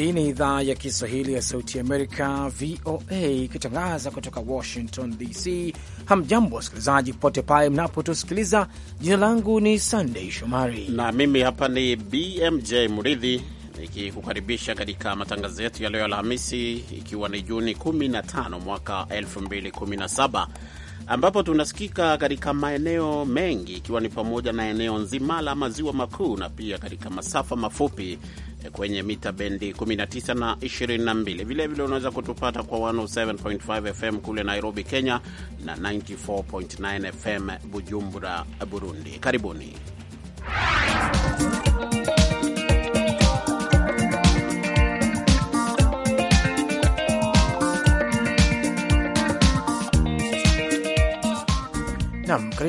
Hii ni idhaa ya Kiswahili ya Sauti Amerika, VOA, ikitangaza kutoka Washington DC. Hamjambo wasikilizaji popote pale mnapotusikiliza. Jina langu ni Sandei Shomari na mimi hapa ni BMJ Muridhi nikikukaribisha katika matangazo yetu ya leo Alhamisi, ikiwa ni Juni 15 mwaka 2017 ambapo tunasikika katika maeneo mengi ikiwa ni pamoja na eneo nzima la maziwa makuu na pia katika masafa mafupi kwenye mita bendi 19 na 22. Vilevile unaweza kutupata kwa 107.5 FM kule Nairobi, Kenya na 94.9 FM Bujumbura, Burundi. Karibuni.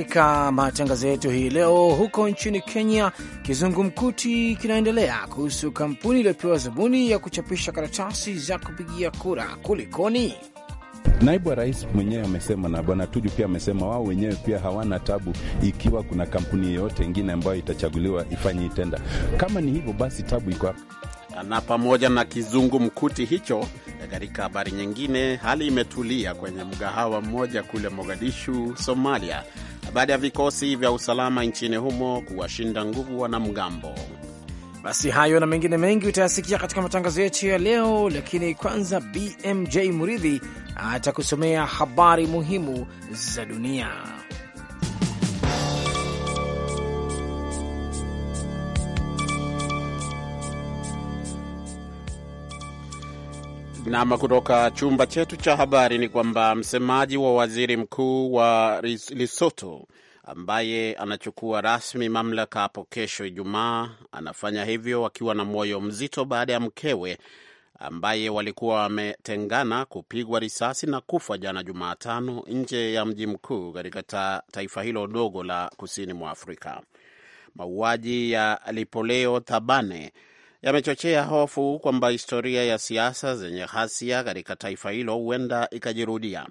katika matangazo yetu hii leo, huko nchini Kenya kizungumkuti kinaendelea kuhusu kampuni iliyopewa zabuni ya kuchapisha karatasi za kupigia kura. Kulikoni? Naibu wa rais mwenyewe amesema na bwana Tuju pia amesema wao wenyewe pia hawana tabu ikiwa kuna kampuni yeyote ingine ambayo itachaguliwa ifanye itenda. Kama ni hivyo basi, tabu iko hapa Na pamoja na kizungumkuti hicho, katika habari nyingine, hali imetulia kwenye mgahawa mmoja kule Mogadishu, Somalia, baada ya vikosi vya usalama nchini humo kuwashinda nguvu wanamgambo. Basi hayo na mengine mengi utayasikia katika matangazo yetu ya leo, lakini kwanza BMJ Muridhi atakusomea habari muhimu za dunia. Nam kutoka chumba chetu cha habari ni kwamba msemaji wa waziri mkuu wa Lesotho ambaye anachukua rasmi mamlaka hapo kesho Ijumaa, anafanya hivyo akiwa na moyo mzito baada ya mkewe ambaye walikuwa wametengana kupigwa risasi na kufa jana Jumatano nje ya mji mkuu katika ta, taifa hilo dogo la kusini mwa Afrika. Mauaji ya Lipoleo Thabane yamechochea hofu kwamba historia ya siasa zenye ghasia katika taifa hilo huenda ikajirudia.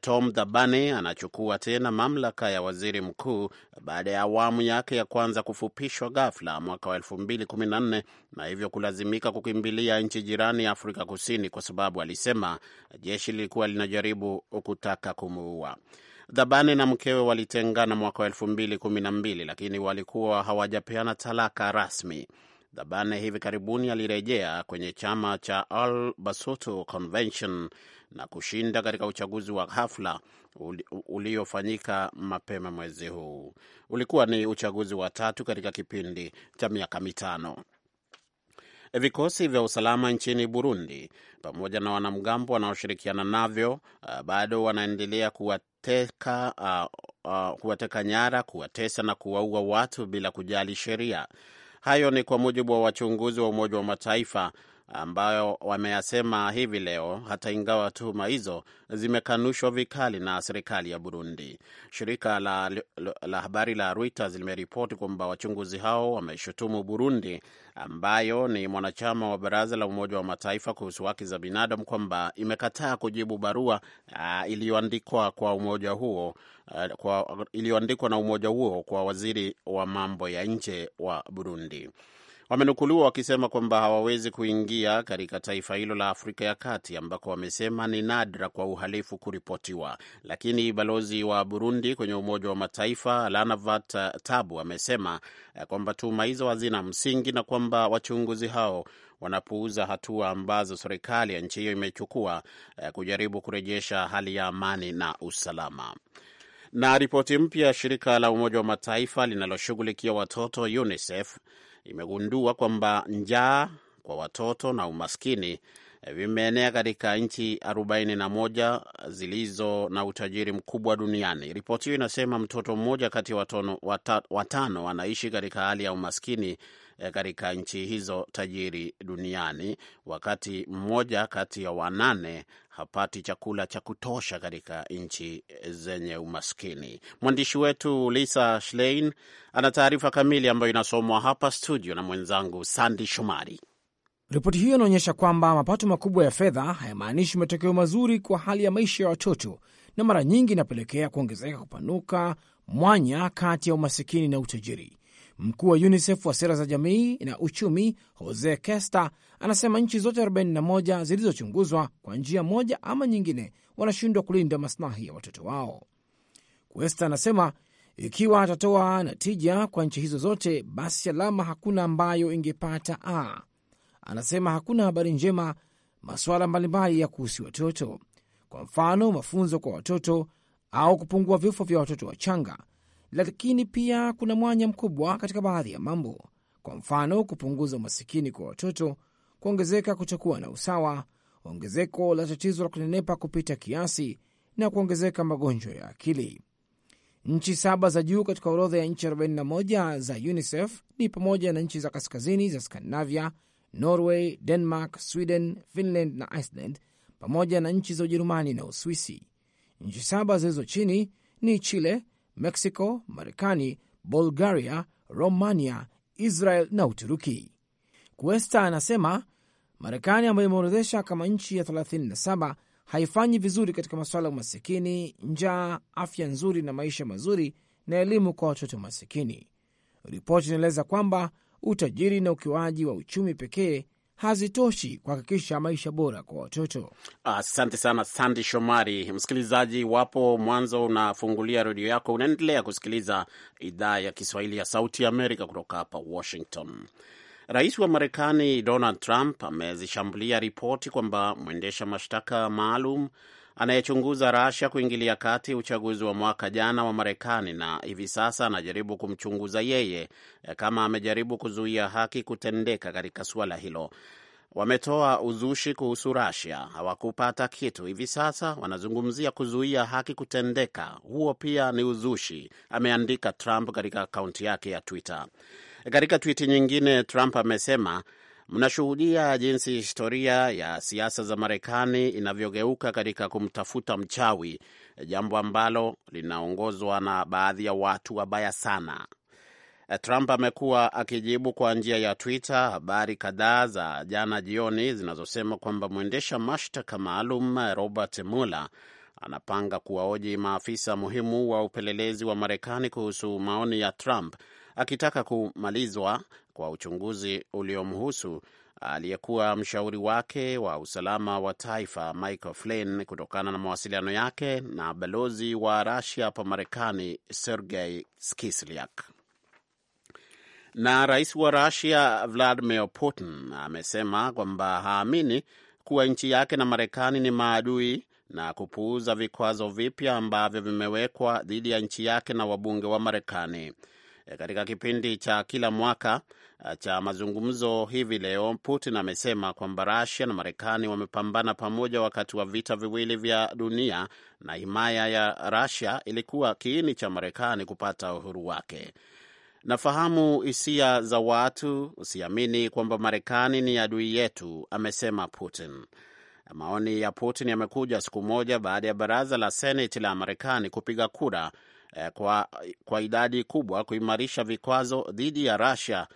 Tom thabane anachukua tena mamlaka ya waziri mkuu baada ya awamu yake ya kwanza kufupishwa ghafla mwaka wa 214 na na hivyo kulazimika kukimbilia nchi jirani ya Afrika Kusini kwa sababu alisema jeshi lilikuwa linajaribu kutaka kumuua. Dhabane na mkewe walitengana mwaka wa elfu mbili kumi na mbili lakini walikuwa hawajapeana talaka rasmi. Dhabane hivi karibuni alirejea kwenye chama cha Al Basoto Convention na kushinda katika uchaguzi wa hafla uliofanyika mapema mwezi huu. Ulikuwa ni uchaguzi wa tatu katika kipindi cha miaka mitano. Vikosi vya usalama nchini Burundi pamoja na wanamgambo wanaoshirikiana navyo uh, bado wanaendelea kuwateka uh, uh, kuwateka nyara, kuwatesa na kuwaua watu bila kujali sheria. Hayo ni kwa mujibu wa wachunguzi wa Umoja wa Mataifa ambayo wameyasema hivi leo, hata ingawa tuhuma hizo zimekanushwa vikali na serikali ya Burundi. Shirika la, la, la habari la Reuters limeripoti kwamba wachunguzi hao wameshutumu Burundi, ambayo ni mwanachama wa Baraza la Umoja wa Mataifa kuhusu haki za binadamu, kwamba imekataa kujibu barua ah, iliyoandikwa kwa umoja huo ah, iliyoandikwa na umoja huo kwa waziri wa mambo ya nje wa Burundi wamenukuliwa wakisema kwamba hawawezi kuingia katika taifa hilo la Afrika ya Kati ambako wamesema ni nadra kwa uhalifu kuripotiwa. Lakini balozi wa Burundi kwenye Umoja wa Mataifa Lanavat Tabu amesema eh, kwamba tuhuma hizo hazina msingi na kwamba wachunguzi hao wanapuuza hatua ambazo serikali ya nchi hiyo imechukua eh, kujaribu kurejesha hali ya amani na usalama. Na ripoti mpya ya shirika la Umoja wa Mataifa linaloshughulikia watoto UNICEF imegundua kwamba njaa kwa watoto na umaskini eh, vimeenea katika nchi 41 zilizo na utajiri mkubwa duniani. Ripoti hiyo inasema mtoto mmoja kati ya watano anaishi katika hali ya umaskini eh, katika nchi hizo tajiri duniani, wakati mmoja kati ya wanane hapati chakula cha kutosha katika nchi zenye umaskini. Mwandishi wetu Lisa Schlein ana taarifa kamili ambayo inasomwa hapa studio na mwenzangu Sandi Shomari. Ripoti hiyo inaonyesha kwamba mapato makubwa ya fedha hayamaanishi matokeo mazuri kwa hali ya maisha ya watoto, na mara nyingi inapelekea kuongezeka kupanuka mwanya kati ya umasikini na utajiri. Mkuu wa UNICEF wa sera za jamii na uchumi Jose Kesta anasema nchi zote 41 zilizochunguzwa kwa njia moja ama nyingine wanashindwa kulinda masilahi ya watoto wao. Kesta anasema ikiwa atatoa natija kwa nchi hizo zote, basi alama hakuna ambayo ingepata A. Anasema hakuna habari njema masuala mbalimbali ya kuhusu watoto, kwa mfano mafunzo kwa watoto au kupungua vifo vya watoto wachanga lakini pia kuna mwanya mkubwa katika baadhi ya mambo, kwa mfano kupunguza umasikini kwa watoto, kuongezeka kutokuwa na usawa, ongezeko la tatizo la kunenepa kupita kiasi na kuongezeka magonjwa ya akili. Nchi saba za juu katika orodha ya nchi 41 za UNICEF ni pamoja na nchi za kaskazini za Skandinavia, Norway, Denmark, Sweden, Finland na Iceland, pamoja na nchi za Ujerumani na Uswisi. Nchi saba zilizo chini ni Chile Mexico, Marekani, Bulgaria, Romania, Israel na Uturuki. Kuesta anasema Marekani ambayo imeorodhesha kama nchi ya 37 haifanyi vizuri katika masuala ya umasikini, njaa, afya nzuri na maisha mazuri na elimu kwa watoto masikini. Ripoti inaeleza kwamba utajiri na ukiwaji wa uchumi pekee hazitoshi kuhakikisha maisha bora kwa watoto. Asante sana Sandi Shomari. Msikilizaji, wapo mwanzo unafungulia redio yako, unaendelea kusikiliza idhaa ya Kiswahili ya Sauti Amerika kutoka hapa Washington. Rais wa Marekani Donald Trump amezishambulia ripoti kwamba mwendesha mashtaka maalum anayechunguza Russia kuingilia kati uchaguzi wa mwaka jana wa Marekani, na hivi sasa anajaribu kumchunguza yeye eh, kama amejaribu kuzuia haki kutendeka katika suala hilo. Wametoa uzushi kuhusu Russia, hawakupata kitu. Hivi sasa wanazungumzia kuzuia haki kutendeka, huo pia ni uzushi, ameandika Trump katika akaunti yake ya Twitter. Katika twiti nyingine, Trump amesema Mnashuhudia jinsi historia ya siasa za Marekani inavyogeuka katika kumtafuta mchawi, jambo ambalo linaongozwa na baadhi ya watu wabaya sana. Trump amekuwa akijibu kwa njia ya Twitter habari kadhaa za jana jioni zinazosema kwamba mwendesha mashtaka maalum Robert Mueller anapanga kuwaoji maafisa muhimu wa upelelezi wa Marekani kuhusu maoni ya Trump akitaka kumalizwa kwa uchunguzi uliomhusu aliyekuwa mshauri wake wa usalama wa taifa Michael Flynn kutokana na mawasiliano yake na balozi wa Rusia hapa Marekani Sergei Skisliak. Na rais wa Rusia Vladimir Putin amesema kwamba haamini kuwa nchi yake na Marekani ni maadui na kupuuza vikwazo vipya ambavyo vimewekwa dhidi ya nchi yake na wabunge wa Marekani. E, katika kipindi cha kila mwaka cha mazungumzo hivi leo, Putin amesema kwamba rusia na Marekani wamepambana pamoja wakati wa vita viwili vya dunia na himaya ya rasia ilikuwa kiini cha Marekani kupata uhuru wake. Nafahamu hisia za watu, usiamini kwamba Marekani ni adui yetu, amesema Putin. Maoni ya Putin yamekuja siku moja baada ya baraza la Seneti la Marekani kupiga kura eh, kwa, kwa idadi kubwa kuimarisha vikwazo dhidi ya Russia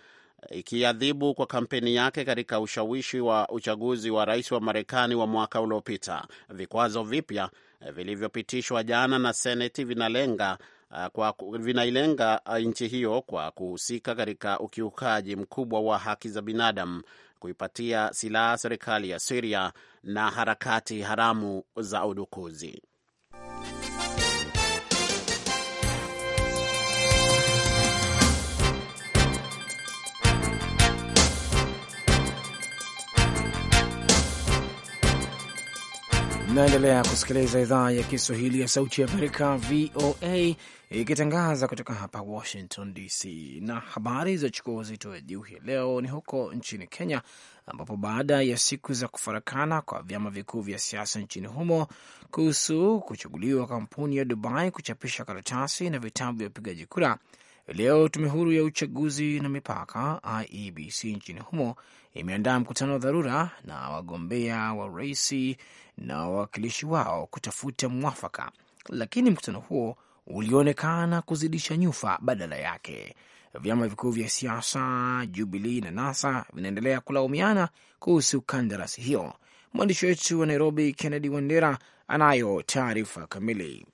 ikiadhibu kwa kampeni yake katika ushawishi wa uchaguzi wa rais wa Marekani wa mwaka uliopita. Vikwazo vipya eh, vilivyopitishwa jana na Seneti vinalenga eh, kwa vinailenga eh, nchi hiyo kwa kuhusika katika ukiukaji mkubwa wa haki za binadamu, kuipatia silaha serikali ya Siria na harakati haramu za udukuzi. Naendelea kusikiliza idhaa ya Kiswahili ya Sauti ya Amerika, VOA, ikitangaza kutoka hapa Washington DC. Na habari zilizochukua uzito wa juu hii leo ni huko nchini Kenya, ambapo baada ya siku za kufarakana kwa vyama vikuu vya siasa nchini humo kuhusu kuchaguliwa kampuni ya Dubai kuchapisha karatasi na vitabu vya upigaji kura, leo tume huru ya uchaguzi na mipaka IEBC nchini humo imeandaa mkutano wa dharura na wagombea wa uraisi na wawakilishi wao kutafuta mwafaka, lakini mkutano huo ulionekana kuzidisha nyufa. Badala yake, vyama vikuu vya siasa Jubilii na NASA vinaendelea kulaumiana kuhusu kandarasi hiyo. Mwandishi wetu wa Nairobi, Kennedy Wandera, anayo taarifa kamili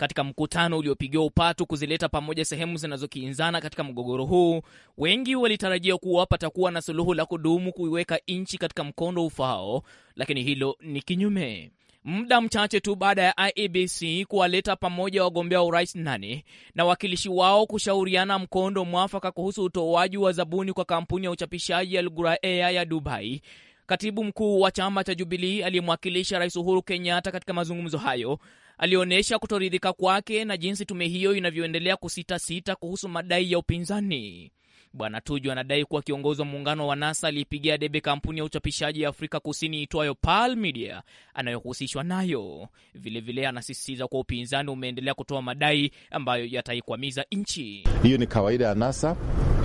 katika mkutano uliopigiwa upatu kuzileta pamoja sehemu zinazokinzana katika mgogoro huu. Wengi walitarajia kuwa patakuwa na suluhu la kudumu kuiweka nchi katika mkondo ufao lakini hilo ni kinyume. Muda mchache tu baada ya IEBC kuwaleta pamoja wagombea wa urais nane na wakilishi wao kushauriana mkondo mwafaka kuhusu utoaji wa zabuni kwa kampuni ya uchapishaji ya Al ya Dubai, katibu mkuu wa chama cha Jubilii aliyemwakilisha Rais Uhuru Kenyatta katika mazungumzo hayo alionyesha kutoridhika kwake na jinsi tume hiyo inavyoendelea kusitasita kuhusu madai ya upinzani. Bwana Tuju anadai kuwa kiongozi wa muungano wa NASA aliipigia debe kampuni ya uchapishaji ya Afrika Kusini itwayo Pal Media anayohusishwa nayo. Vilevile anasisitiza kuwa upinzani umeendelea kutoa madai ambayo yataikwamiza nchi. Hiyo ni kawaida ya NASA.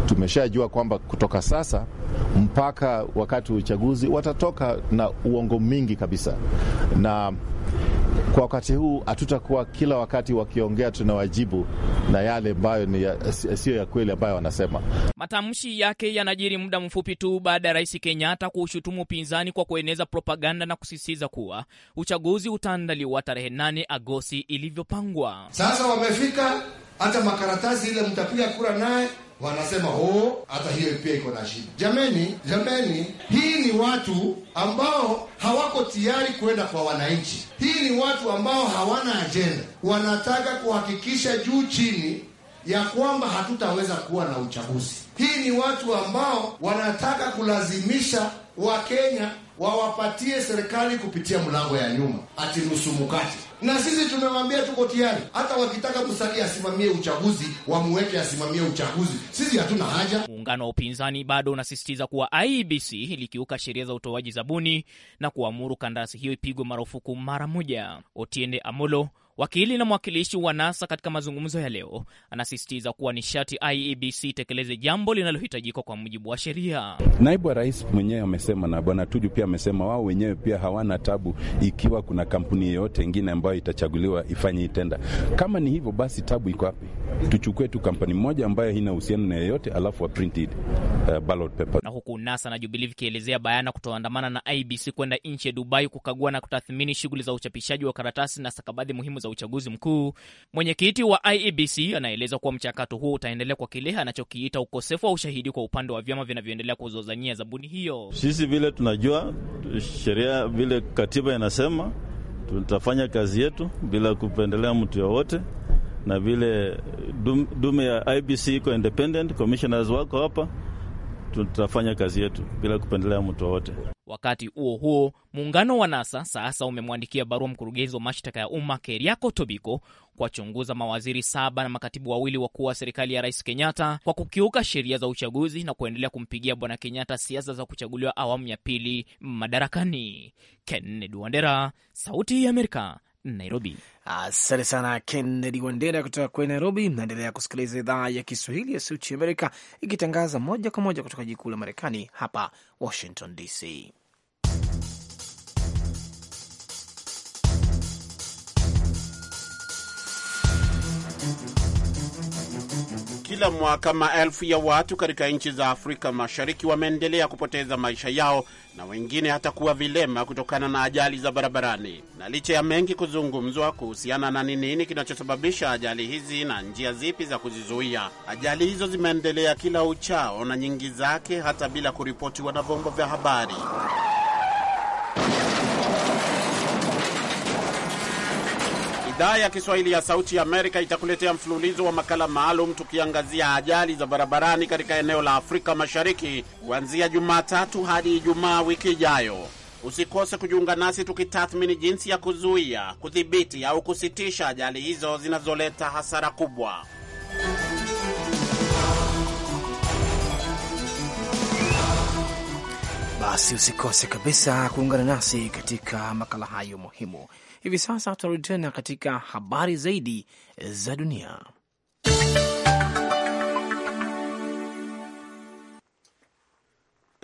Tumeshajua kwamba kutoka sasa mpaka wakati wa uchaguzi watatoka na uongo mingi kabisa na kwa wakati huu hatutakuwa kila wakati wakiongea tunawajibu na yale ambayo ni siyo ya kweli ambayo wanasema. Matamshi yake yanajiri muda mfupi tu baada ya Rais Kenyatta kuushutumu upinzani kwa kueneza propaganda na kusisitiza kuwa uchaguzi utaandaliwa tarehe 8 Agosti ilivyopangwa. Sasa wamefika hata makaratasi ile mtapiga kura naye wanasema oh, hata hiyo pia iko na shida. Jameni, jameni, hii ni watu ambao hawako tayari kwenda kwa wananchi. Hii ni watu ambao hawana ajenda, wanataka kuhakikisha juu chini ya kwamba hatutaweza kuwa na uchaguzi. Hii ni watu ambao wanataka kulazimisha Wakenya wawapatie serikali kupitia mlango ya nyuma, ati nusu mkate. Na sisi tumewambia tuko tayari, hata wakitaka Musalia asimamie uchaguzi wamuweke asimamie uchaguzi, sisi hatuna haja. Muungano wa upinzani bado unasisitiza kuwa IBC e ilikiuka sheria za utoaji zabuni na kuamuru kandarasi hiyo ipigwe marufuku mara moja. Otiende Amolo, Wakili na mwakilishi wa NASA katika mazungumzo ya leo anasisitiza kuwa nishati IEBC itekeleze jambo linalohitajika kwa mujibu wa sheria. Naibu wa rais mwenyewe amesema na bwana Tuju pia amesema wao wenyewe pia hawana tabu ikiwa kuna kampuni yoyote ingine ambayo itachaguliwa ifanye itenda. Kama ni hivyo basi, tabu iko wapi? Tuchukue tu kampuni moja ambayo haina uhusiano na yeyote, alafu wa printed uh, ballot paper. Na huku NASA na Jubilee vikielezea bayana kutoandamana na IEBC kwenda nchi ya Dubai kukagua na kutathmini shughuli za uchapishaji wa karatasi na stakabadhi muhimu za uchaguzi mkuu, mwenyekiti wa IEBC anaeleza kuwa mchakato huo utaendelea kwa kile anachokiita ukosefu wa ushahidi kwa upande wa vyama vinavyoendelea kuzozania zabuni hiyo. Sisi vile tunajua sheria vile katiba inasema, tutafanya kazi yetu bila kupendelea mtu yoyote, na vile dume ya IEBC iko independent, commissioners wako hapa tutafanya kazi yetu bila kupendelea mtu wowote. Wakati huo huo, muungano wa NASA sasa umemwandikia barua mkurugenzi wa mashtaka ya umma Keriako Tobiko kuwachunguza mawaziri saba na makatibu wawili wakuu wa serikali ya Rais Kenyatta kwa kukiuka sheria za uchaguzi na kuendelea kumpigia Bwana Kenyatta siasa za kuchaguliwa awamu ya pili madarakani. Kennedy Wandera, Sauti ya Amerika, Nairobi. Asante sana Kennedy Wandera kutoka kwe Nairobi. Mnaendelea kusikiliza idhaa ya Kiswahili ya Sauti Amerika ikitangaza moja kwa moja kutoka jikuu la Marekani hapa Washington DC. Kila mwaka maelfu ya watu katika nchi za Afrika Mashariki wameendelea kupoteza maisha yao na wengine hata kuwa vilema kutokana na ajali za barabarani. Na licha ya mengi kuzungumzwa kuhusiana na ni nini kinachosababisha ajali hizi na njia zipi za kuzizuia, ajali hizo zimeendelea kila uchao na nyingi zake hata bila kuripotiwa na vyombo vya habari. Idhaa ya Kiswahili ya Sauti ya Amerika itakuletea mfululizo wa makala maalum tukiangazia ajali za barabarani katika eneo la Afrika Mashariki kuanzia Jumatatu hadi Ijumaa wiki ijayo. Usikose kujiunga nasi tukitathmini jinsi ya kuzuia, kudhibiti au kusitisha ajali hizo zinazoleta hasara kubwa. Basi usikose kabisa kuungana nasi katika makala hayo muhimu. Hivi sasa tunarudi tena katika habari zaidi za dunia.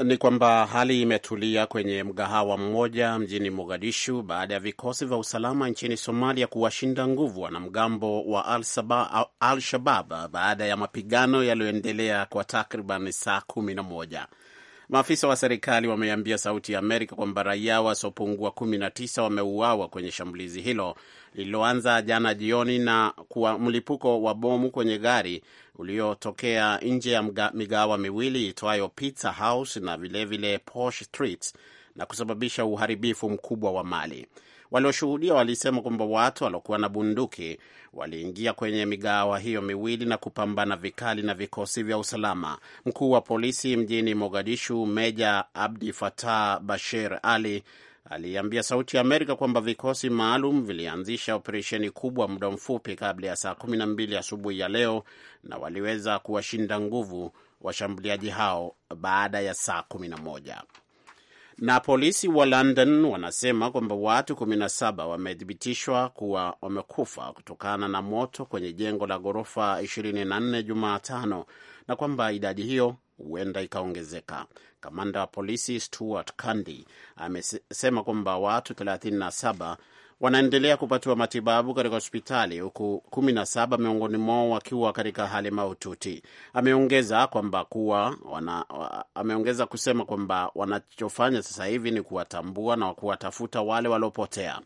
Ni kwamba hali imetulia kwenye mgahawa mmoja mjini Mogadishu baada ya vikosi vya usalama nchini Somalia kuwashinda nguvu wanamgambo wa Al-Shabab baada ya mapigano yaliyoendelea kwa takriban saa kumi na moja. Maafisa wa serikali wameambia Sauti ya Amerika kwamba raia wasiopungua kumi na tisa wameuawa kwenye shambulizi hilo lililoanza jana jioni na kuwa mlipuko wa bomu kwenye gari uliotokea nje ya migawa miwili itwayo Pizza House na vilevile Posh Street na kusababisha uharibifu mkubwa wa mali. Walioshuhudia walisema kwamba watu waliokuwa na bunduki waliingia kwenye migahawa hiyo miwili na kupambana vikali na vikosi vya usalama. Mkuu wa polisi mjini Mogadishu, Meja Abdi Fatah Bashir Ali aliambia Sauti ya Amerika kwamba vikosi maalum vilianzisha operesheni kubwa muda mfupi kabla ya saa kumi na mbili asubuhi ya leo na waliweza kuwashinda nguvu washambuliaji hao baada ya saa kumi na moja. Na polisi wa London wanasema kwamba watu 17 wamethibitishwa kuwa wamekufa kutokana na moto kwenye jengo la ghorofa 24 Jumatano na kwamba idadi hiyo huenda ikaongezeka. Kamanda wa polisi Stuart Candy amesema kwamba watu 37 wanaendelea kupatiwa matibabu katika hospitali huku 17 miongoni mwao wakiwa katika hali mahututi. Ameongeza kwamba kuwa wana, ameongeza kusema kwamba wanachofanya sasa hivi ni kuwatambua na kuwatafuta wale waliopotea.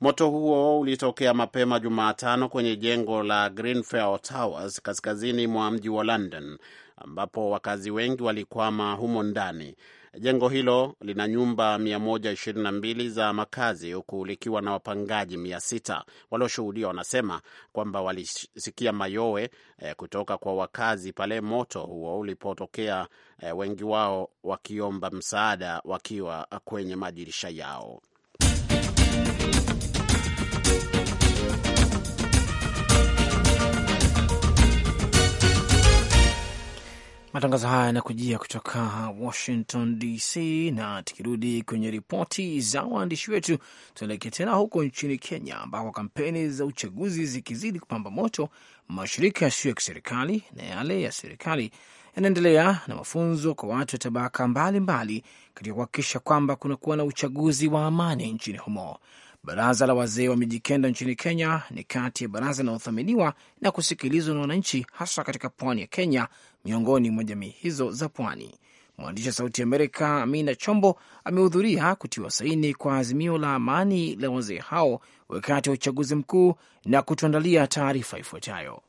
Moto huo ulitokea mapema Jumatano kwenye jengo la Grenfell Towers kaskazini mwa mji wa London ambapo wakazi wengi walikwama humo ndani. Jengo hilo lina nyumba 122 za makazi huku likiwa na wapangaji 600. Walioshuhudia wanasema kwamba walisikia mayowe eh, kutoka kwa wakazi pale moto huo ulipotokea, eh, wengi wao wakiomba msaada wakiwa kwenye madirisha yao. Matangazo haya yanakujia kutoka Washington DC, na tukirudi kwenye ripoti za waandishi wetu, tunaelekea tena huko nchini Kenya ambako kampeni za uchaguzi zikizidi kupamba moto, mashirika yasiyo ya kiserikali na yale ya serikali yanaendelea na mafunzo kwa watu wa tabaka mbalimbali katika kuhakikisha kwamba kunakuwa na uchaguzi wa amani nchini humo. Baraza la wazee wa Mijikenda nchini Kenya ni kati ya baraza linalothaminiwa na kusikilizwa na wananchi, hasa katika pwani ya Kenya miongoni mwa jamii hizo za pwani. Mwandishi wa Sauti Amerika Amina Chombo amehudhuria kutiwa saini kwa azimio la amani la wazee hao wakati wa uchaguzi mkuu na kutuandalia taarifa ifuatayo.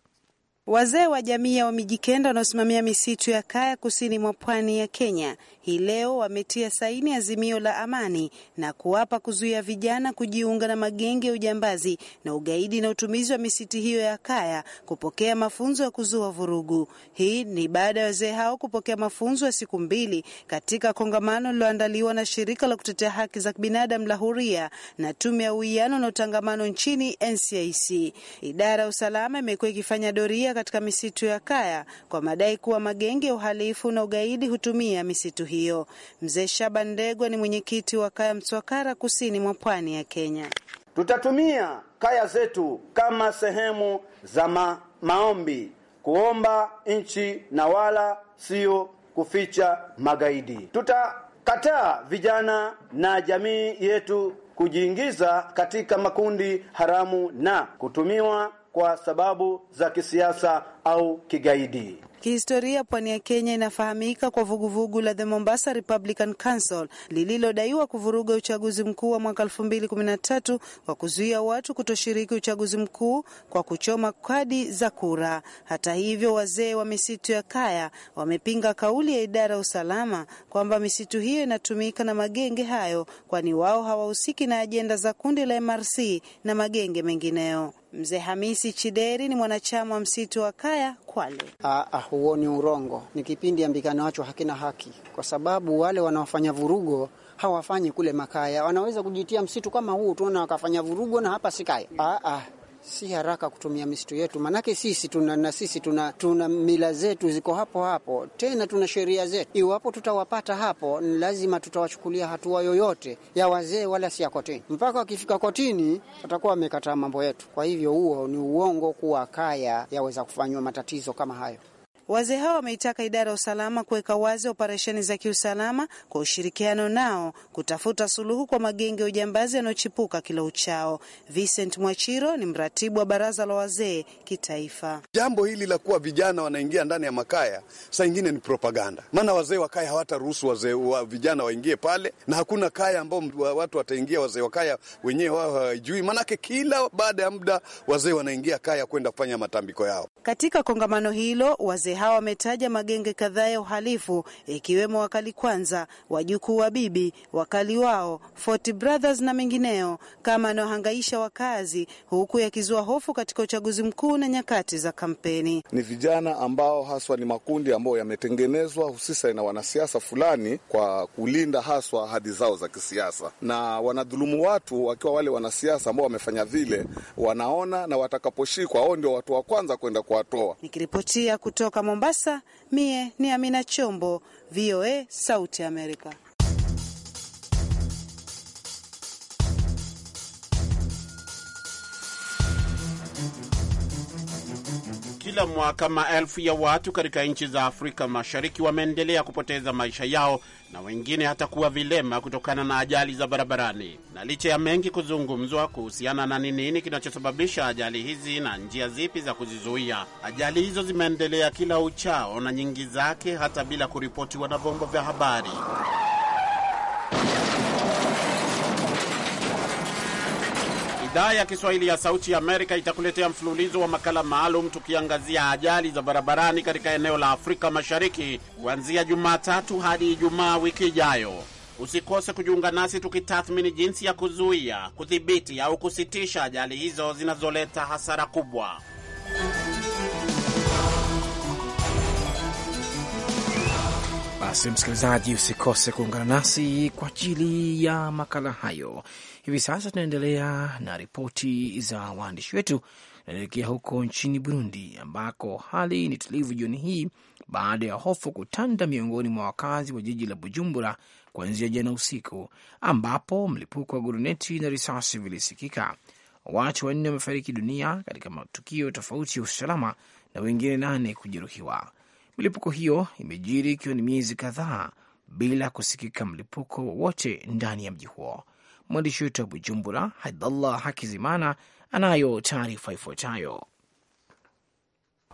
Wazee wa jamii ya Wamijikenda wanaosimamia misitu ya kaya kusini mwa pwani ya Kenya hii leo wametia saini azimio la amani na kuapa kuzuia vijana kujiunga na magenge ya ujambazi na ugaidi na utumizi wa misitu hiyo ya kaya kupokea mafunzo ya kuzua vurugu. Hii ni baada ya wazee hao kupokea mafunzo ya siku mbili katika kongamano lililoandaliwa na shirika la kutetea haki za binadamu la Huria na tume ya uwiano na utangamano nchini NCIC. Idara ya usalama imekuwa ikifanya doria katika misitu ya Kaya kwa madai kuwa magenge ya uhalifu na ugaidi hutumia misitu hiyo. Mzee Shaban Ndegwa ni mwenyekiti wa Kaya Mtswakara, kusini mwa pwani ya Kenya. Tutatumia kaya zetu kama sehemu za ma maombi, kuomba nchi na wala sio kuficha magaidi. Tutakataa vijana na jamii yetu kujiingiza katika makundi haramu na kutumiwa kwa sababu za kisiasa au kigaidi. Kihistoria, pwani ya Kenya inafahamika kwa vuguvugu la The Mombasa Republican Council lililodaiwa kuvuruga uchaguzi mkuu wa mwaka 2013 kwa kuzuia watu kutoshiriki uchaguzi mkuu kwa kuchoma kadi za kura. Hata hivyo, wazee wa misitu ya Kaya wamepinga kauli ya idara ya usalama kwamba misitu hiyo inatumika na magenge hayo, kwani wao hawahusiki na ajenda za kundi la MRC na magenge mengineo. Mzee Hamisi Chideri ni mwanachama wa msitu wa Kaya haya Kwale. Aa, ah, ah, huo ni urongo, ni kipindi ambikano wacho hakina haki, kwa sababu wale wanaofanya vurugo hawafanyi kule makaya, wanaweza kujitia msitu kama huu tuona wakafanya vurugo, na hapa sikaya. Aa, ah, si haraka kutumia misitu yetu, maanake sisi tuna na sisi tuna, tuna mila zetu ziko hapo hapo, tena tuna sheria zetu. Iwapo tutawapata hapo, ni lazima tutawachukulia hatua yoyote ya wazee, wala si ya kotini. Mpaka wakifika kotini watakuwa wamekataa mambo yetu. Kwa hivyo huo ni uongo kuwa kaya yaweza kufanywa matatizo kama hayo. Wazee hao wameitaka idara ya usalama kuweka wazi operesheni za kiusalama kwa ushirikiano nao kutafuta suluhu kwa magenge ya ujambazi yanayochipuka kila uchao. Vincent Mwachiro ni mratibu wa baraza la wazee kitaifa. Jambo hili la kuwa vijana wanaingia ndani ya makaya saa ingine ni propaganda, maana wazee wa kaya hawataruhusu wazee wa vijana waingie pale, na hakuna kaya ambao watu wataingia wazee wa kaya wenyewe wao hawajui, maanake kila baada ya muda wazee wanaingia kaya kwenda kufanya matambiko yao. Katika kongamano hilo wazee hao wametaja magenge kadhaa ya uhalifu ikiwemo Wakali Kwanza, wajukuu wa bibi, wakali wao, Fort Brothers na mengineo kama anaohangaisha wakazi, huku yakizua hofu katika uchaguzi mkuu na nyakati za kampeni. Ni vijana ambao haswa ni makundi ambayo yametengenezwa hususa na wanasiasa fulani kwa kulinda haswa hadi zao za kisiasa, na wanadhulumu watu wakiwa wale wanasiasa ambao wamefanya vile, wanaona na watakaposhikwa, hao ndio watu wa kwanza kwenda kuwatoa. Nikiripotia kutoka Mombasa, mie ni Amina Chombo, VOA Sauti Amerika. kila mwaka maelfu ya watu katika nchi za Afrika Mashariki wameendelea kupoteza maisha yao na wengine hata kuwa vilema kutokana na ajali za barabarani. Na licha ya mengi kuzungumzwa kuhusiana na ni nini kinachosababisha ajali hizi na njia zipi za kuzizuia, ajali hizo zimeendelea kila uchao na nyingi zake hata bila kuripotiwa na vyombo vya habari. Idhaa ya Kiswahili ya Sauti ya Amerika itakuletea mfululizo wa makala maalum tukiangazia ajali za barabarani katika eneo la Afrika Mashariki kuanzia Jumatatu hadi Ijumaa wiki ijayo. Usikose kujiunga nasi tukitathmini jinsi ya kuzuia, kudhibiti au kusitisha ajali hizo zinazoleta hasara kubwa. Basi msikilizaji, usikose kuungana nasi kwa ajili ya makala hayo. Hivi sasa tunaendelea na ripoti za waandishi wetu. Tunaelekea huko nchini Burundi ambako hali ni tulivu jioni hii baada ya hofu kutanda miongoni mwa wakazi wa jiji la Bujumbura kuanzia jana usiku, ambapo mlipuko wa guruneti na risasi vilisikika. Watu wanne wamefariki dunia katika matukio tofauti ya usalama na wengine nane kujeruhiwa. Milipuko hiyo imejiri ikiwa ni miezi kadhaa bila kusikika mlipuko wowote ndani ya mji huo. Mwandishi wetu wa Bujumbura, Haidallah Hakizimana, anayo taarifa ifuatayo.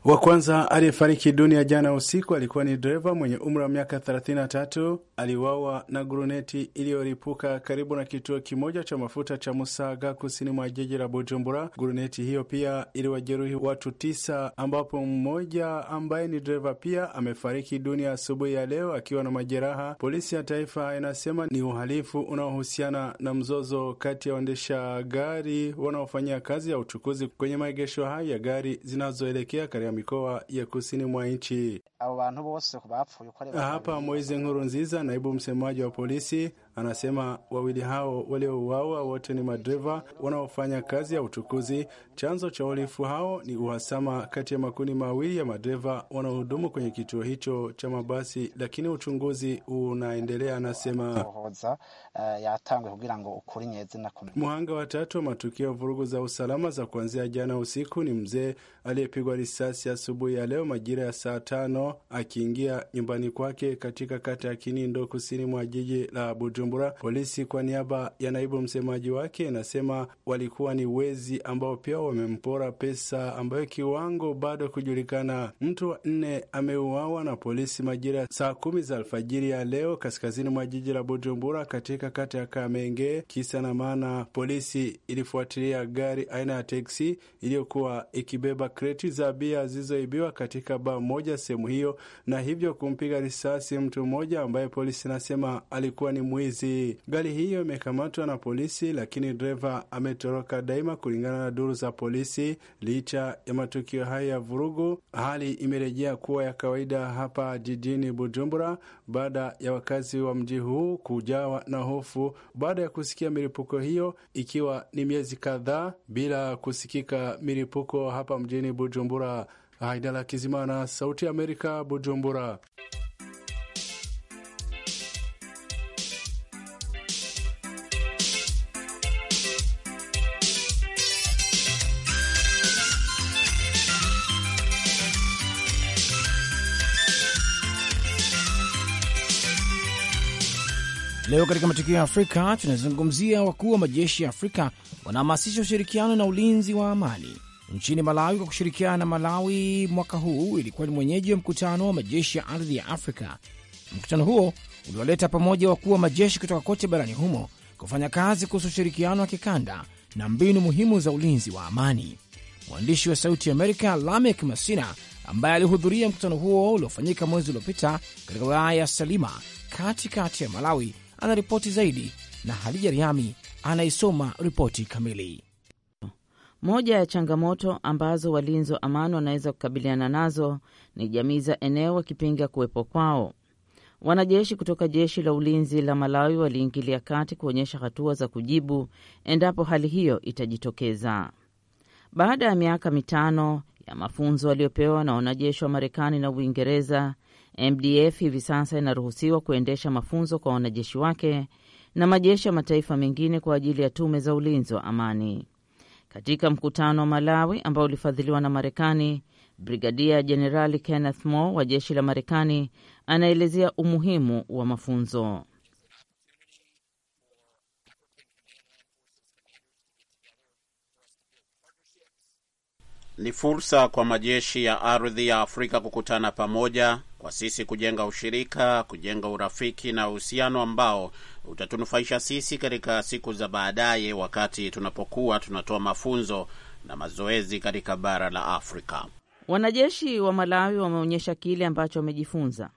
Wa kwanza aliyefariki dunia jana usiku alikuwa ni dereva mwenye umri wa miaka 33. Aliwawa na guruneti iliyoripuka karibu na kituo kimoja cha mafuta cha Musaga, kusini mwa jiji la Bujumbura. Guruneti hiyo pia iliwajeruhi watu tisa, ambapo mmoja ambaye ni dereva pia amefariki dunia asubuhi ya leo akiwa na majeraha. Polisi ya taifa inasema ni uhalifu unaohusiana na mzozo kati ya waendesha gari wanaofanyia kazi ya uchukuzi kwenye maegesho hayo ya gari zinazoelekea ya mikoa ya kusini mwa nchi abo bantu bose bapfuye ari Hapa Moize Nkuru Nziza, naibu msemaji wa polisi, anasema wawili hao waliouawa wote ni madereva wanaofanya kazi ya uchukuzi. Chanzo cha uhalifu hao ni uhasama kati ya makundi mawili ya madereva wanaohudumu kwenye kituo hicho cha mabasi, lakini uchunguzi unaendelea, anasema. Eh, Mhanga watatu wa matukio ya vurugu za usalama za kuanzia jana usiku ni mzee aliyepigwa risasi asubuhi ya leo majira ya saa tano akiingia nyumbani kwake katika kata ya Kinindo kusini mwa jiji la Bujumbura. Polisi kwa niaba ya naibu msemaji wake inasema walikuwa ni wezi ambao pia wamempora pesa ambayo kiwango bado kujulikana. Mtu wa nne ameuawa na polisi majira saa kumi za alfajiri ya leo kaskazini mwa jiji la Bujumbura katika kata ya Kamenge. Kisa na maana, polisi ilifuatilia gari aina ya teksi iliyokuwa ikibeba kreti za bia zilizoibiwa katika baa moja sehemu hii hiyo na hivyo kumpiga risasi mtu mmoja ambaye polisi inasema alikuwa ni mwizi. Gari hiyo imekamatwa na polisi, lakini dreva ametoroka daima, kulingana na duru za polisi. Licha ya matukio haya ya vurugu, hali imerejea kuwa ya kawaida hapa jijini Bujumbura baada ya wakazi wa mji huu kujawa na hofu baada ya kusikia milipuko hiyo, ikiwa ni miezi kadhaa bila kusikika milipuko hapa mjini Bujumbura. Haidala Kizimana, Sauti ya Amerika, Bujumbura. Leo katika matukio ya Afrika tunazungumzia wakuu wa majeshi ya Afrika wanahamasisha ushirikiano na ulinzi wa amani nchini Malawi kwa kushirikiana na Malawi mwaka huu ilikuwa ni mwenyeji wa mkutano wa majeshi ya ardhi ya Afrika. Mkutano huo uliwaleta pamoja wakuu wa majeshi kutoka kote barani humo kufanya kazi kuhusu ushirikiano wa kikanda na mbinu muhimu za ulinzi wa amani. Mwandishi wa Sauti Amerika Lamek Masina ambaye alihudhuria mkutano huo uliofanyika mwezi uliopita katika wilaya ya Salima katikati kati ya Malawi anaripoti zaidi, na Hadija Riami anaisoma ripoti kamili. Moja ya changamoto ambazo walinzi wa amani wanaweza kukabiliana nazo ni jamii za eneo wakipinga kuwepo kwao. Wanajeshi kutoka jeshi la ulinzi la Malawi waliingilia kati kuonyesha hatua za kujibu endapo hali hiyo itajitokeza. Baada ya miaka mitano ya mafunzo waliopewa na wanajeshi wa Marekani na Uingereza, MDF hivi sasa inaruhusiwa kuendesha mafunzo kwa wanajeshi wake na majeshi ya mataifa mengine kwa ajili ya tume za ulinzi wa amani. Katika mkutano wa Malawi ambao ulifadhiliwa na Marekani, Brigadia Jenerali Kenneth Moore wa jeshi la Marekani anaelezea umuhimu wa mafunzo. ni fursa kwa majeshi ya ardhi ya Afrika kukutana pamoja, kwa sisi kujenga ushirika, kujenga urafiki na uhusiano ambao utatunufaisha sisi katika siku za baadaye, wakati tunapokuwa tunatoa mafunzo na mazoezi katika bara la Afrika. Wanajeshi wa Malawi wameonyesha kile ambacho wamejifunza.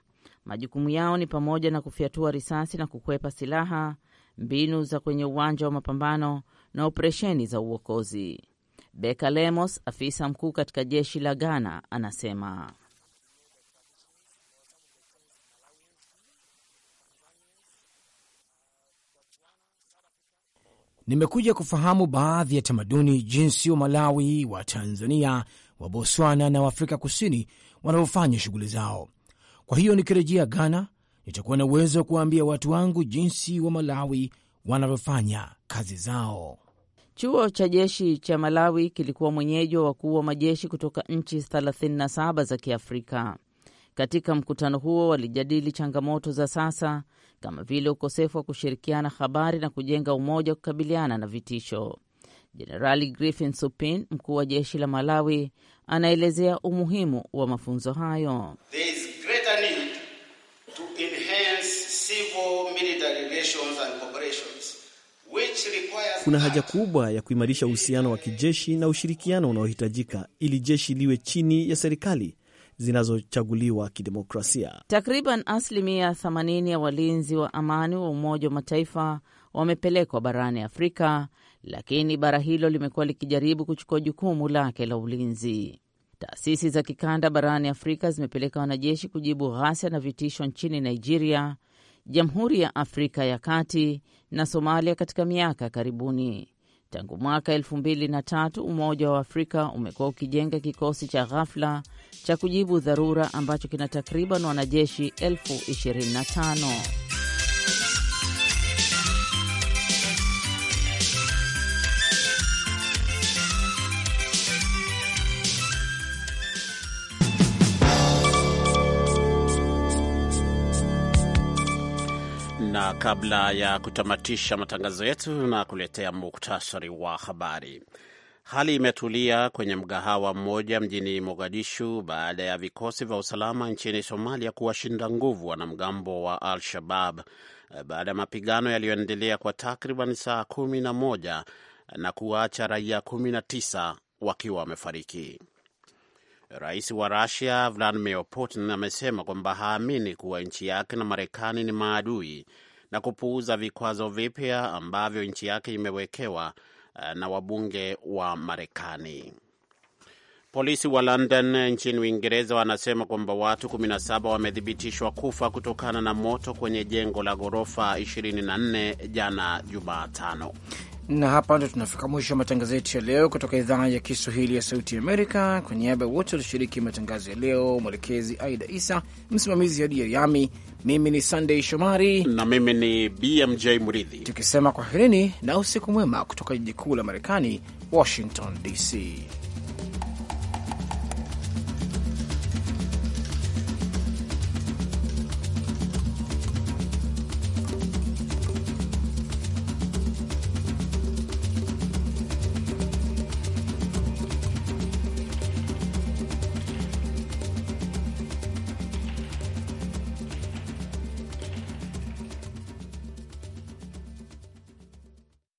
Majukumu yao ni pamoja na kufyatua risasi na kukwepa silaha, mbinu za kwenye uwanja wa mapambano na operesheni za uokozi. Beka Lemos, afisa mkuu katika jeshi la Ghana, anasema Nimekuja kufahamu baadhi ya tamaduni, jinsi wa Malawi, wa Tanzania, wa Botswana na waafrika Kusini wanavyofanya shughuli zao. Kwa hiyo nikirejea Ghana, nitakuwa na uwezo wa kuwaambia watu wangu jinsi wa Malawi wanavyofanya kazi zao. Chuo cha jeshi cha Malawi kilikuwa mwenyeji wa wakuu wa majeshi kutoka nchi 37 za Kiafrika. Katika mkutano huo walijadili changamoto za sasa kama vile ukosefu wa kushirikiana habari na kujenga umoja kukabiliana na vitisho. Jenerali Griffin Supin, mkuu wa jeshi la Malawi, anaelezea umuhimu wa mafunzo hayo. There is kuna haja kubwa ya kuimarisha uhusiano wa kijeshi na ushirikiano unaohitajika ili jeshi liwe chini ya serikali zinazochaguliwa kidemokrasia. Takriban asilimia 80 ya walinzi wa amani wa Umoja wa Mataifa wamepelekwa barani Afrika, lakini bara hilo limekuwa likijaribu kuchukua jukumu lake la ulinzi. Taasisi za kikanda barani Afrika zimepeleka wanajeshi kujibu ghasia na vitisho nchini Nigeria, Jamhuri ya Afrika ya Kati na Somalia katika miaka karibuni. Tangu mwaka elfu mbili na tatu Umoja wa Afrika umekuwa ukijenga kikosi cha ghafla cha kujibu dharura ambacho kina takriban wanajeshi elfu ishirini na tano. kabla ya kutamatisha matangazo yetu na kuletea muktasari wa habari. Hali imetulia kwenye mgahawa mmoja mjini Mogadishu baada ya vikosi vya usalama nchini Somalia kuwashinda nguvu wanamgambo wa Al Shabab eh, baada ya mapigano yaliyoendelea kwa takriban saa kumi na moja na kuwaacha raia kumi na tisa wakiwa wamefariki. Rais wa Rusia Vladimir Putin amesema kwamba haamini kuwa nchi yake na Marekani ni maadui na kupuuza vikwazo vipya ambavyo nchi yake imewekewa eh, na wabunge wa Marekani. Polisi wa London nchini Uingereza wanasema kwamba watu 17 wamethibitishwa kufa kutokana na moto kwenye jengo la ghorofa 24 jana Jumatano. Na hapa ndo tunafika mwisho wa matangazo yetu ya leo kutoka idhaa ya Kiswahili ya Sauti Amerika. Kwa niaba ya wote walioshiriki matangazo ya leo, mwelekezi Aida Isa, msimamizi Hadi Yariami, mimi ni Sandey Shomari na mimi ni BMJ Muridhi, tukisema kwaherini na usiku mwema kutoka jiji kuu la Marekani, Washington DC.